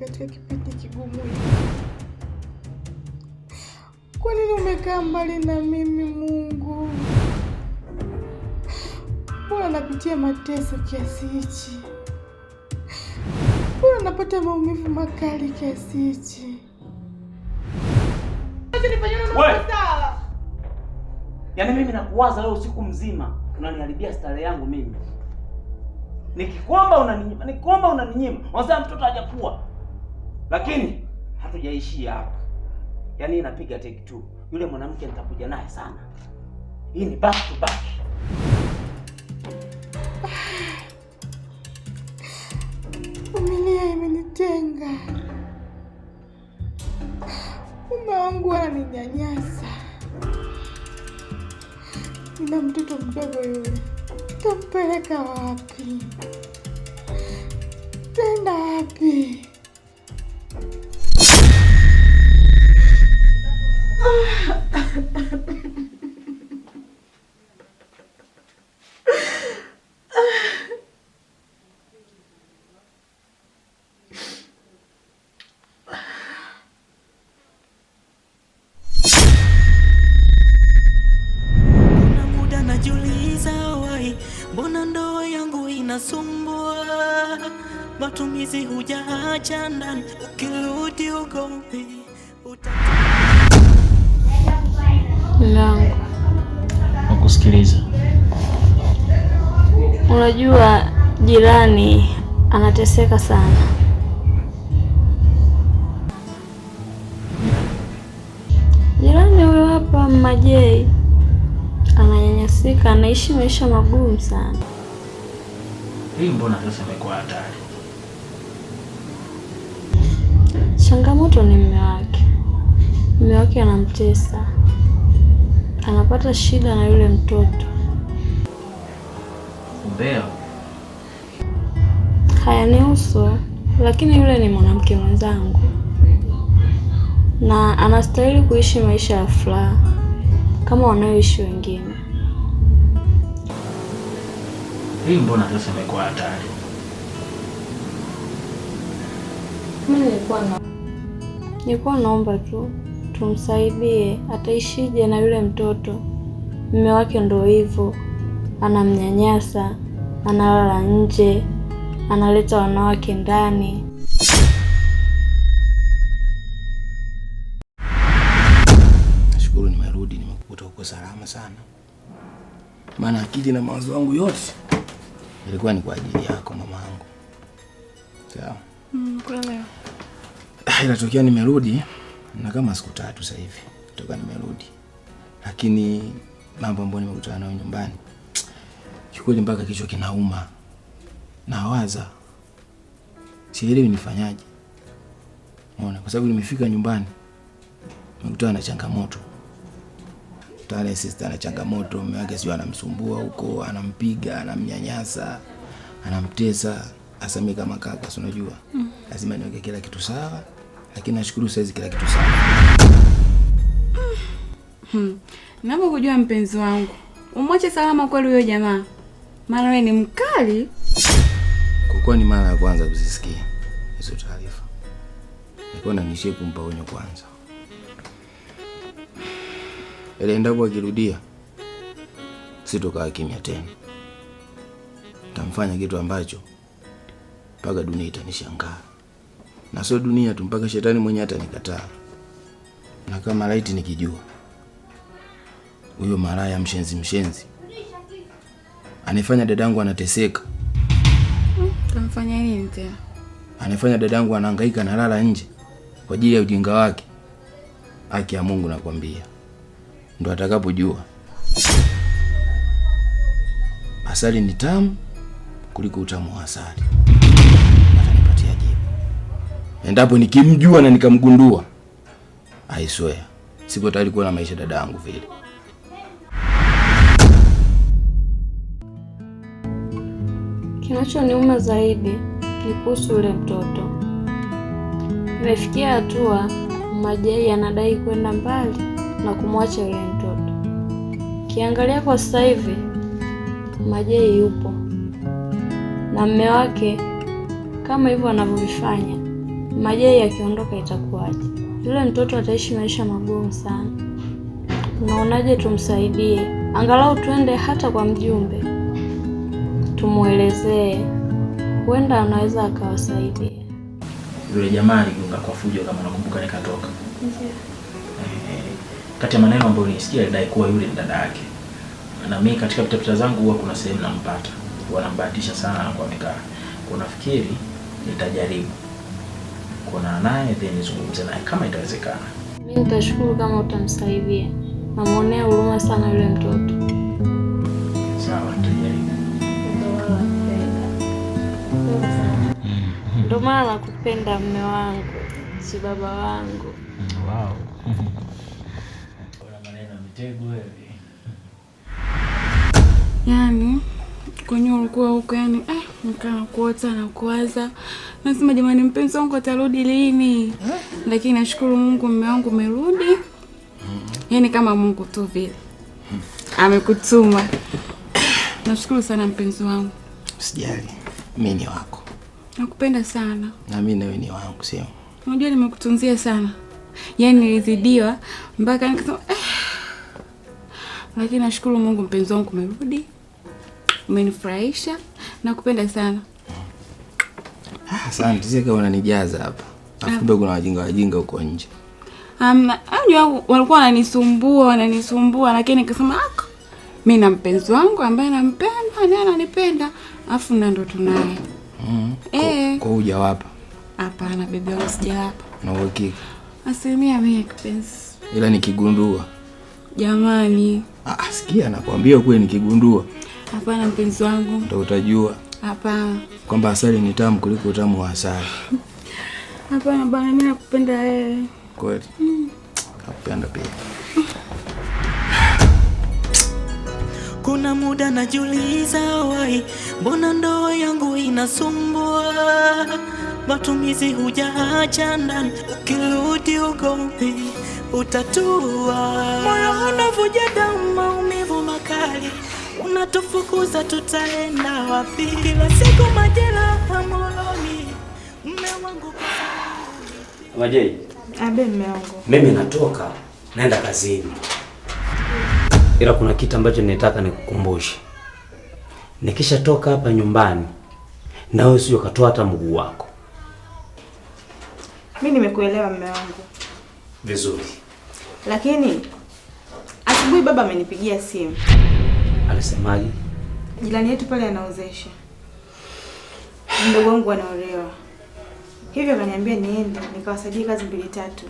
katika kipindi kigumu hiki? Kwa nini umekaa mbali na mimi Mungu? Mbona napitia mateso kiasi hichi? Mbona napata maumivu makali kiasi hichi? Yaani mimi nakuwaza leo usiku mzima, unaniharibia starehe yangu mimi. Nikikomba unaninyima, nikikomba unaninyima. Unasema mtoto hajakuwa. Lakini hatujaishia hapa, yaani inapiga take two. Yule mwanamke nitakuja naye sana, hii ni back to back. Familia imenitenga, mume wangu ananinyanyasa, nina mtoto mdogo yule, tampeleka wapi? Tenda wapi? Mbona yangu inasumbua, matumizi hujaacha ndani, ukirudi ugopi Mlangu nakusikiliza. Unajua jirani anateseka sana. Jirani huyo hapa Majei ananyanyasika, anaishi maisha magumu sana. Hii mbona sasa imekuwa hatari? Changamoto ni mume wake, mume wake anamtesa anapata shida na yule mtoto. ni Hayanihusu, lakini yule ni mwanamke mwenzangu na anastahili kuishi maisha ya furaha kama wanayoishi wengine. Hii mbona sasa imekuwa hatari? Mimi nilikuwa na nilikuwa naomba tu Tumsaidie, ataishije na yule mtoto? Mume wake ndo hivyo, anamnyanyasa, analala nje, analeta wanawake ndani. Nashukuru nimerudi, nimekukuta uko salama sana, maana akili na mawazo yangu yote ilikuwa ni kwa ajili yako mamaangu. Sawa. Mm, ila ah, tokea nimerudi na kama siku tatu sasa hivi toka nimerudi, lakini mambo ambayo nimekutana nayo nyumbani kikweli, mpaka kichwa kinauma, nawaza sielewi nifanyaje. Unaona, kwa sababu nimefika nyumbani nimekutana na changamoto tale sister ana changamoto, mume wake sio anamsumbua huko, anampiga, anamnyanyasa, anamtesa. Hasa mimi kama kaka, si unajua, mm. lazima niweke kila kitu sawa lakini nashukuru saizi kila kitu sawa. Hmm. kujua mpenzi wangu, umwache salama kweli huyo jamaa, maana wewe ni mkali. Kukuwa ni mara ya kwanza kuzisikia hizo taarifa, nilikuwa nanishie kumpa onyo kwanza, ili endapo akirudia sitokaa kimya tena, tamfanya kitu ambacho mpaka dunia itanishangaa na sio dunia tu, mpaka shetani mwenyewe atanikataa. Na kama laiti nikijua huyo maraya mshenzi mshenzi anifanya dadangu anateseka, tamfanya nini tena? Anifanya dadangu anahangaika, analala nje kwa ajili ya ujinga wake. Haki ya Mungu nakwambia, ndo atakapojua asali ni tamu kuliko utamu wa asali endapo nikimjua na nikamgundua, I swear siko tayari kuwa na maisha dada yangu vile. Kinachoniuma zaidi ni kuhusu yule mtoto. Imefikia hatua Majai anadai kwenda mbali na kumwacha yule mtoto. Kiangalia kwa sasa hivi, Majai yupo na mme wake kama hivyo anavyovifanya Majai akiondoka itakuwaje? Yule mtoto ataishi maisha magumu sana. Unaonaje tumsaidie? Angalau tuende hata kwa mjumbe, tumwelezee, huenda anaweza akawasaidia. Yule jamaa aligonga kwa fujo, kama nakumbuka, nikatoka yeah. kati ya maneno ambayo nilisikia alidai kuwa yule ni dada yake, na mimi katika pitapita zangu huwa kuna sehemu nampata, huwa nambahatisha sana kwa mikaa. Kunafikiri nitajaribu kuonana naye then nizungumze naye kama itawezekana. Mimi nitashukuru kama utamsaidia, Namuonea huruma sana yule mtoto. Sawa, tu. Ndio maana nakupenda mme wangu, si baba wangu. Wow. Yani kwenye ulikuwa huko yani, eh, kuota na kuwaza Nasema jamani, mpenzi wangu atarudi lini? Eh? Lakini nashukuru Mungu, mume wangu umerudi. Mm-hmm. Yaani kama Mungu tu vile amekutuma. Nashukuru sana mpenzi wangu. Usijali, mimi ni wako. Nakupenda sana. Na mimi nawe ni wangu, sio? Unajua nimekutunzia sana, yaani nilizidiwa mpaka nikasema ah. Lakini nashukuru Mungu, mpenzi wangu umerudi, umenifurahisha. Nakupenda sana. Asante, mm. sisi kama unanijaza hapa. Afukumbe ah. kuna wajinga wajinga huko nje. Um, anjua walikuwa wananisumbua, wananisumbua lakini nikasema ah, mimi na mpenzi wangu ambaye nampenda, naye ananipenda, afu na ndo tunaye. Mm. Eh. Kwa hujawapa? Hapana, bibi wangu sija hapa Na uhakika? Asilimia mia kipenzi. Ila nikigundua. Jamani. Ah, sikia nakwambia kweli nikigundua. Hapana mpenzi wangu. Ndio utajua. Hapana. Kwamba asali ni tamu kuliko utamu wa asali. Hapana bwana, mimi nakupenda wewe. Kweli. Mm. Nakupenda pia. Kuna muda najiuliza wai, mbona ndoa yangu inasumbua? Matumizi hujaacha ndani, ukirudi ugopi utatua. Moyo unavuja damu Watatufukuza, tutaenda wapi? Kila siku majela hamuloni, mme wangu Wajei. Abe mme wangu. Mimi natoka naenda kazini, ila kuna kitu ambacho nitaka nikukumbushe. Nikishatoka hapa nyumbani, na wewe sio katoa hata mguu wako. Mimi nimekuelewa mme wangu vizuri, lakini asubuhi baba amenipigia simu Alisemaje? Jirani yetu pale anaozesha, mdogo wangu anaolewa, hivyo akaniambia niende nikawasaidie kazi mbili tatu,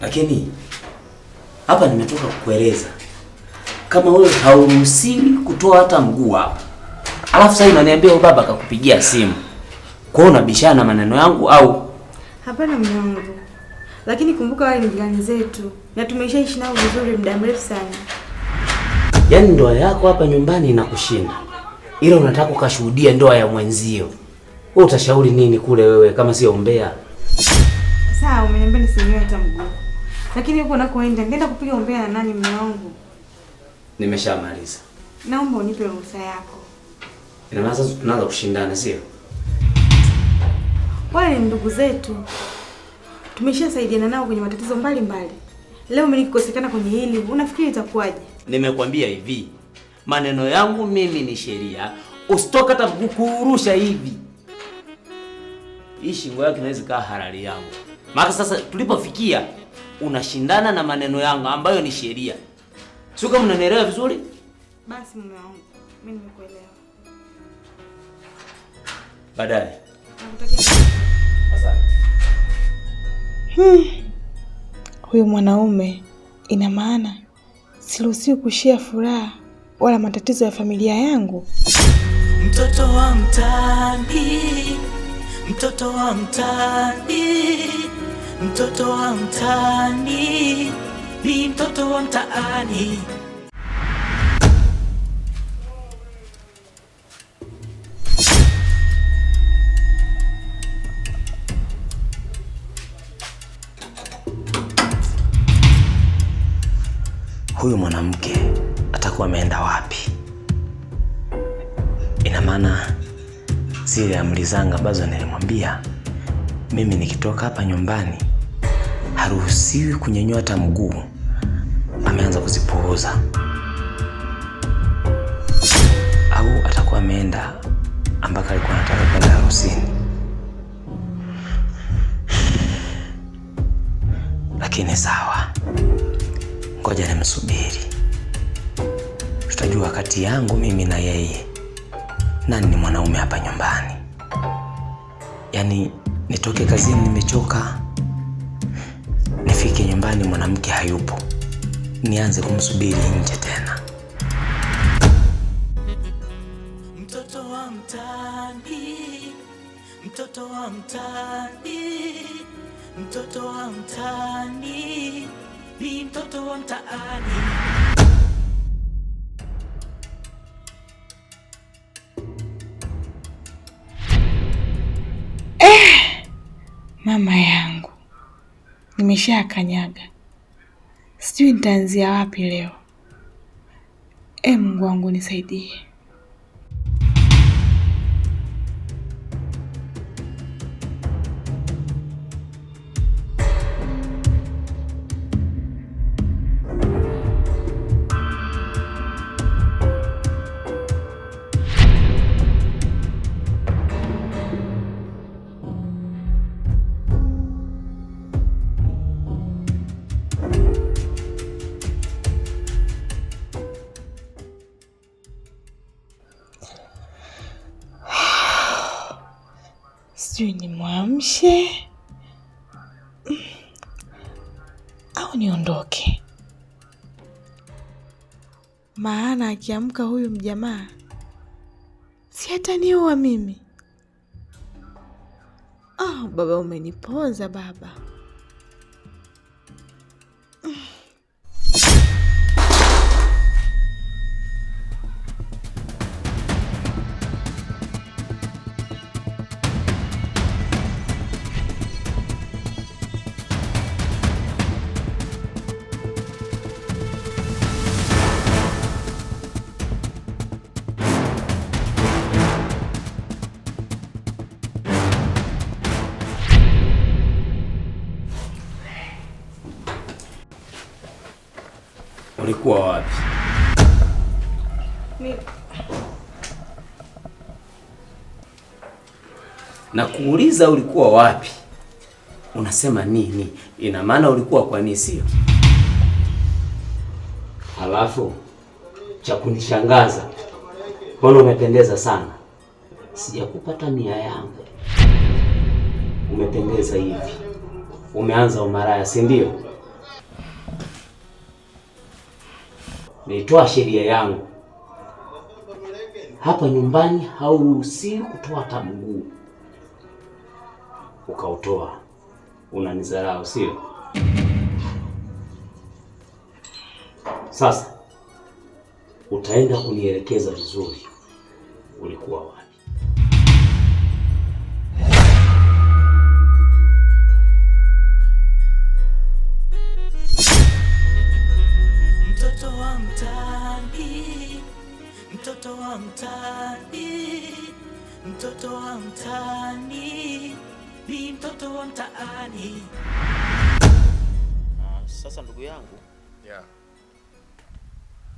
lakini hapa nimetoka kukueleza kama wewe hauruhusiwi kutoa hata mguu hapa, alafu sasa unaniambia baba akakupigia simu, kwa unabishana na maneno yangu au hapana? Mwanangu, lakini kumbuka wale ni jirani zetu na tumeshaishi nao vizuri muda mrefu sana. Yaani ndoa yako hapa nyumbani inakushinda, ila unataka ukashuhudia ndoa ya mwenzio. Wewe utashauri nini kule wewe kama sio umbea? Sawa, umeniambia nisinywe hata mguu. Lakini huko nakoenda nenda kupiga umbea na nani mume wangu? Nimeshamaliza. Naomba unipe ruhusa yako. Ina maana sasa tunaanza kushindana, sio? Wale ni ndugu zetu. Tumeshasaidiana nao kwenye matatizo mbalimbali. Leo mimi nikikosekana kwenye hili, unafikiri itakuwaje? Nimekwambia hivi, maneno yangu mimi ni sheria, usitoka hata kukurusha hivi. Hii shingo yako inaweza kaa halali yangu, Maka sasa tulipofikia unashindana na maneno yangu ambayo ni sheria. Sio kama unanielewa vizuri? Basi mume wangu, mimi nimekuelewa. Baadaye. Hmm. Huyu mwanaume ina maana siruhusiwi kushia furaha wala matatizo ya familia yangu. Mtoto wa mtani mtoto wa mtani mtoto wa mtani ni mtoto wa mtaani. huyu mwanamke atakuwa ameenda wapi? Ina maana zile amri zangu ambazo nilimwambia mimi nikitoka hapa nyumbani haruhusiwi kunyanyua hata mguu, ameanza kuzipuuza, au atakuwa ameenda ambako alikuwa anataka kwenda harusini. Lakini sawa. Ngoja nimsubiri, tutajua kati yangu mimi na yeye nani ni mwanaume hapa nyumbani. Yaani nitoke kazini nimechoka, nifike nyumbani mwanamke hayupo, nianze kumsubiri nje tena. Mtoto wa mtaani, mtoto wa mtaani, mtoto wa mtaani Bi mtoto wa mtaani. Eh, mama yangu kanyaga, sijui nitaanzia wapi leo. E, Mungu wangu nisaidie. sijui nimwamshe au niondoke, maana akiamka huyu mjamaa si ataniua mimi. Oh, baba umenipoza baba. nikikuuliza ulikuwa wapi, unasema nini? Ina maana ulikuwa kwa nini, sio? Halafu cha kunishangaza, mbona umependeza sana, sijakupata nia yangu. Umependeza hivi, umeanza umaraya, si ndio? Nitoa sheria yangu hapa nyumbani, hauruhusiwi kutoa hata mguu ukautoa. Unanizarau sio? Sasa utaenda kunielekeza vizuri, ulikuwa wapi? Mtoto wa mtaani, mtoto wa mtaani, mtoto wa mtaani ni mtoto wa mtaani. Uh, sasa ndugu yangu yeah.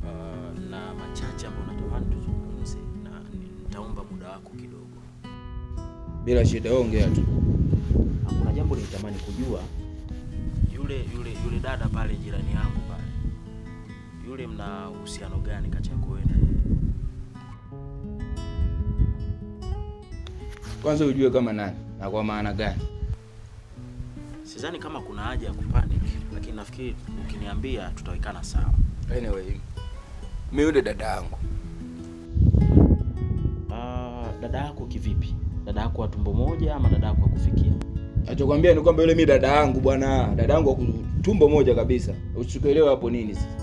Uh, na machache ambayo natamani tuzungumze na nitaomba muda wako kidogo. Bila shida, wewe ongea tu. Ah, kuna jambo nilitamani kujua. Yule yule yule dada pale jirani yangu pale, yule mna uhusiano gani kati yako wewe Kwanza ujue kama nani na kwa maana gani? Sidhani kama kuna haja ya kupanic, lakini nafikiri ukiniambia tutawekana sawa. Anyway, mimi yule dada yangu. Uh, dada yako kivipi? Dada yako wa tumbo moja ama dada yako akufikia kufikia? Nachokwambia ni kwamba yule mi dada yangu bwana, dada yangu wa tumbo moja kabisa. Usikuelewe hapo nini sasa?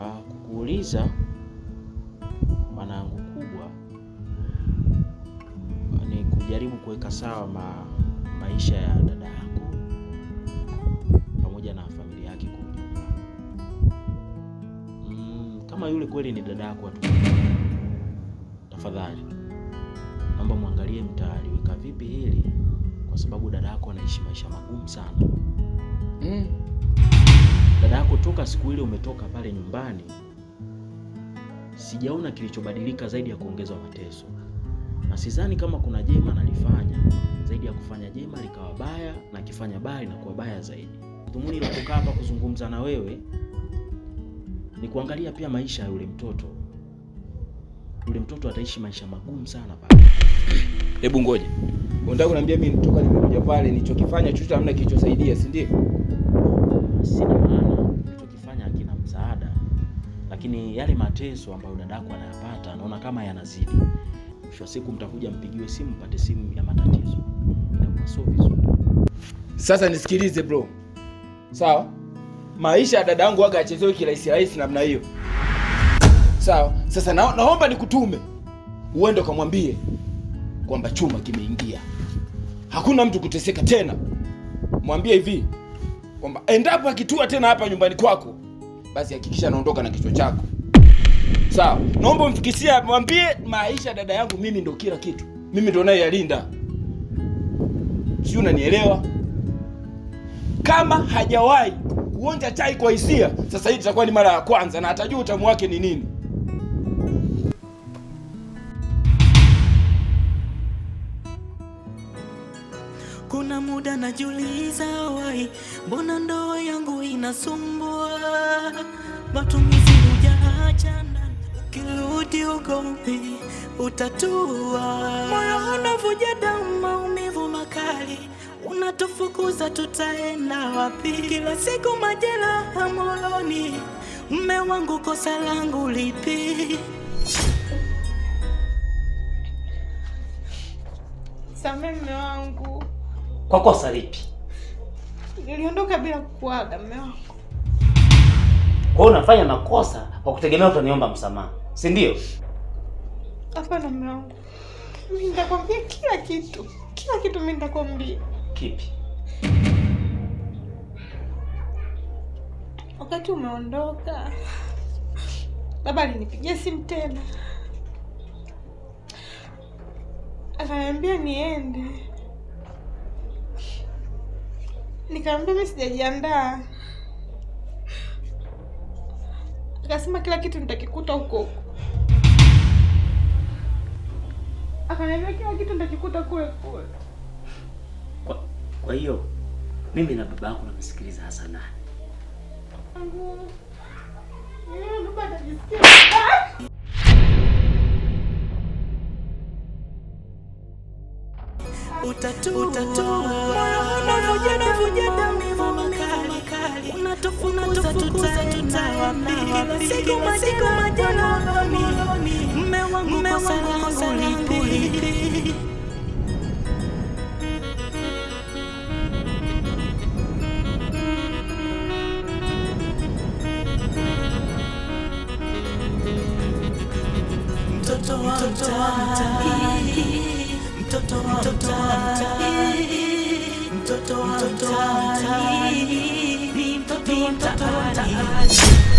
Ah, kukuuliza kuweka sawa ma, maisha ya dada yako pamoja na familia yake kwa ujumla. Mm, kama yule kweli ni dada yako, tafadhali naomba mwangalie mtaliweka vipi hili, kwa sababu dada yako anaishi maisha magumu sana mm. Dada yako toka siku ile umetoka pale nyumbani, sijaona kilichobadilika zaidi ya kuongezwa mateso na sidhani kama kuna jema nalifanya zaidi ya kufanya jema likawa baya, na kifanya baya inakuwa baya zaidi. Dhumuni la kukaa hapa kuzungumza na wewe ni kuangalia pia maisha ya yule mtoto. Yule mtoto ataishi maisha magumu sana pale. Hebu ngoja, unataka kuniambia mimi nitoka nimekuja pale nilichokifanya chochote hamna kilichosaidia, si ndio? Sina maana nilichokifanya hakina msaada, lakini yale mateso ambayo dadako anayapata naona kama yanazidi wa siku mtakuja mpigiwe simu mpate simu ya matatizo. Itakuwa sio vizuri. Sasa nisikilize bro, sawa? Maisha ya dada yangu waga achezewe kirahisi rahisi namna hiyo, sawa? Sasa na, naomba nikutume uende ukamwambie kwamba chuma kimeingia, hakuna mtu kuteseka tena. Mwambie hivi kwamba endapo akitua tena hapa nyumbani kwako, basi hakikisha anaondoka na kichwa chako. Sawa, naomba mfikisie, mwambie maisha dada yangu, mimi ndo kila kitu, mimi ndo naye yalinda, sijui unanielewa. Kama hajawahi kuonja chai kwa hisia, sasa hii itakuwa ni mara ya kwanza na atajua utamu wake ni nini. Kuna muda najiuliza, wai, mbona ndoa yangu inasumbua matumizi hujaacha ukirudi ugomvi utatua. Moyo unavuja damu, maumivu makali, unatufukuza tutaenda wapi? Kila siku majeraha moyoni, mme wangu, kosa langu lipi? Samehe mme wangu. Kwa kosa lipi? Niliondoka bila kukuaga mme wangu. Kwa hiyo unafanya makosa kwa kutegemea utaniomba msamaha? si ndio? Hapana mume wangu, mimi nitakwambia kila kitu, kila kitu mimi nitakwambia. Kipi? Wakati umeondoka, baba alinipigia simu tena, akaniambia niende, nikaambia mimi sijajiandaa Kasema kila kitu nitakikuta huko huko. Akaniambia kila kitu nitakikuta kule kule. Kwa, kwa hiyo mimi na baba yako namsikiliza hasa nani? Utatua, utatu, moyo siku masiku majana mme wangu kosa langu lipi? Mtoto wa mtaani, mtoto wa mtaani, mtoto wa mtaani Beam to Ani.